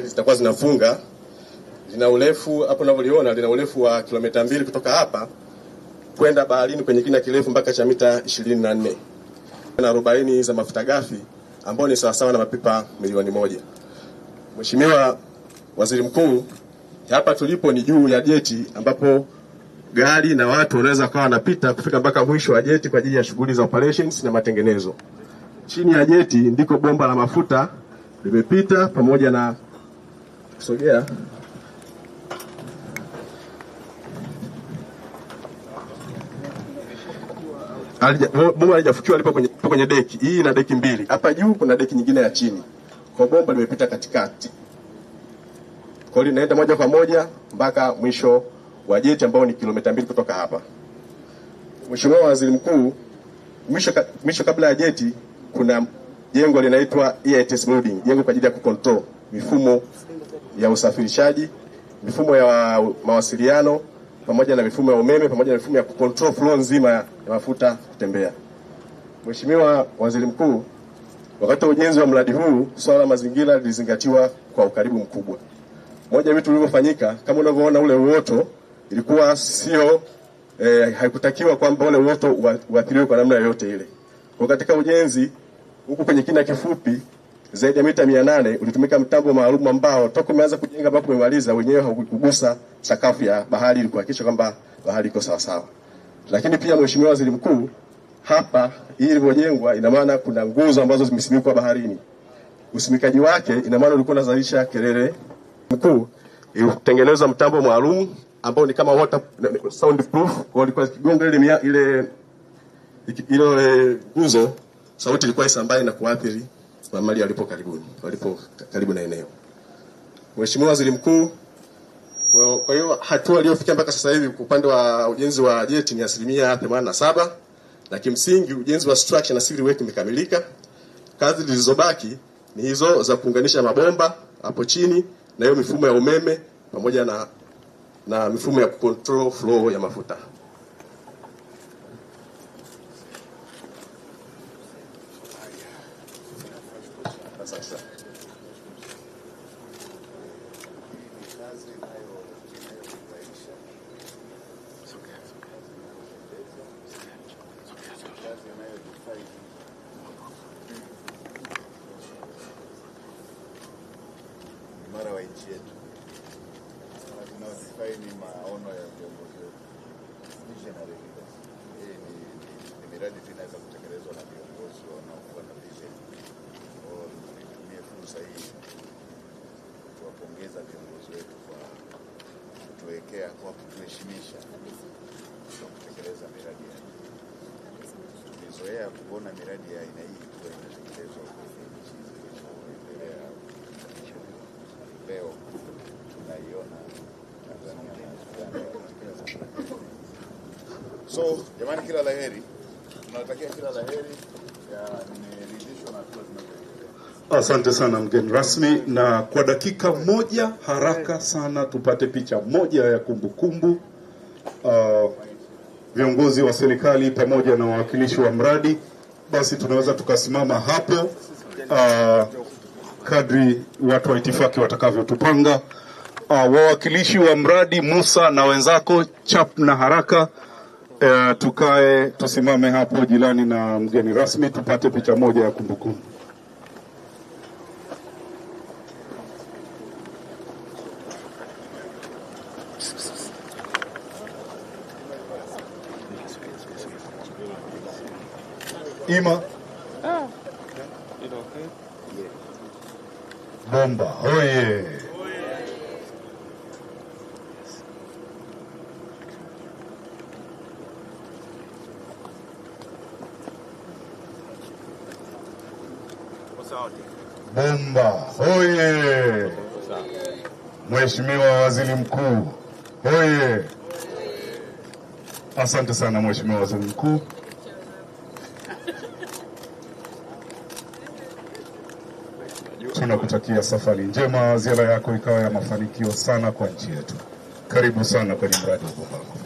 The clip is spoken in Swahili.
zitakuwa zinafunga, lina urefu hapo unavyoliona, lina urefu wa kilomita mbili kutoka hapa kwenda baharini kwenye kina kirefu mpaka cha mita 24 na 40 za mafuta ghafi ambao ni sawasawa na mapipa milioni moja. Mheshimiwa Waziri Mkuu, hapa tulipo ni juu ya jeti ambapo gari na watu wanaweza kawa wanapita kufika mpaka mwisho wa jeti kwa ajili ya shughuli za operations na matengenezo. Chini ya jeti ndiko bomba la mafuta limepita pamoja na kusogea bomba alijafukiwa lipo kwenye, kwenye deki hii. Ina deki mbili hapa juu, kuna deki nyingine ya chini, kwa bomba limepita katikati, kwa linaenda moja kwa moja mpaka mwisho wa jeti ambao ni kilomita mbili kutoka hapa. Mheshimiwa Waziri Mkuu, mwisho, ka, mwisho kabla ya jeti kuna jengo linaitwa EITS building, jengo kwa ajili ya kucontrol mifumo ya usafirishaji, mifumo ya mawasiliano, pamoja na mifumo ya umeme, pamoja na mifumo ya kucontrol flow nzima ya mafuta kutembea. Mheshimiwa Waziri Mkuu, wakati wa ujenzi wa mradi huu swala la mazingira lilizingatiwa kwa ukaribu mkubwa. Moja ya vitu vilivyofanyika kama unavyoona, ule uoto ilikuwa sio eh, haikutakiwa kwamba ule uoto uathiriwe kwa namna yoyote ile. Kwa katika ujenzi huku kwenye kina kifupi zaidi ya mita 800 ulitumika mtambo maalum ambao toka umeanza kujenga mpaka umemaliza wenyewe haukugusa sakafu ya bahari ili kuhakikisha kwamba bahari iko sawa sawa. Lakini pia Mheshimiwa Waziri Mkuu, hapa hii ilivyojengwa, ina maana kuna nguzo ambazo zimesimikwa baharini. Usimikaji wake ina maana ulikuwa unazalisha kelele. Mkuu ilitengenezwa mtambo maalum ambao ni kama water soundproof, kwa ilikuwa kigonga ile ile ile nguzo, sauti ilikuwa isambaye na kuathiri mali walipo karibuni, walipo karibu na eneo. Mheshimiwa Waziri Mkuu, kwa hiyo hatua iliyofikia mpaka sasa hivi upande wa ujenzi wa jeti ni asilimia 87 na kimsingi ujenzi wa structure na civil work umekamilika. Kazi zilizobaki ni hizo za kuunganisha mabomba hapo chini na hiyo mifumo ya umeme pamoja na, na mifumo ya control flow ya mafuta. Sasa kutuheshimisha sio kutekeleza miradi ya tulizoea kuona miradi ya aina hii ikiwa inatekelezwa kwenye nchi zilizoendelea. Leo tunaiona Tanzania so jamani, kila laheri tunatakia kila laheri ya nimeridhishwa na hatua zinazo Asante sana mgeni rasmi, na kwa dakika moja haraka sana tupate picha moja ya kumbukumbu kumbu. Uh, viongozi wa serikali pamoja na wawakilishi wa mradi, basi tunaweza tukasimama hapo uh, kadri watu wa itifaki watakavyotupanga. Uh, wawakilishi wa mradi Musa na wenzako, chap na haraka uh, tukae tusimame hapo jirani na mgeni rasmi tupate picha moja ya kumbukumbu kumbu. Ima. Ah. Bomba oye! Bomba oye! Mheshimiwa Waziri Mkuu Hey. Asante sana Mheshimiwa Waziri Mkuu. Tunakutakia safari njema, ziara yako ikawa ya mafanikio sana kwa nchi yetu. Karibu sana kwenye mradi wa Boma.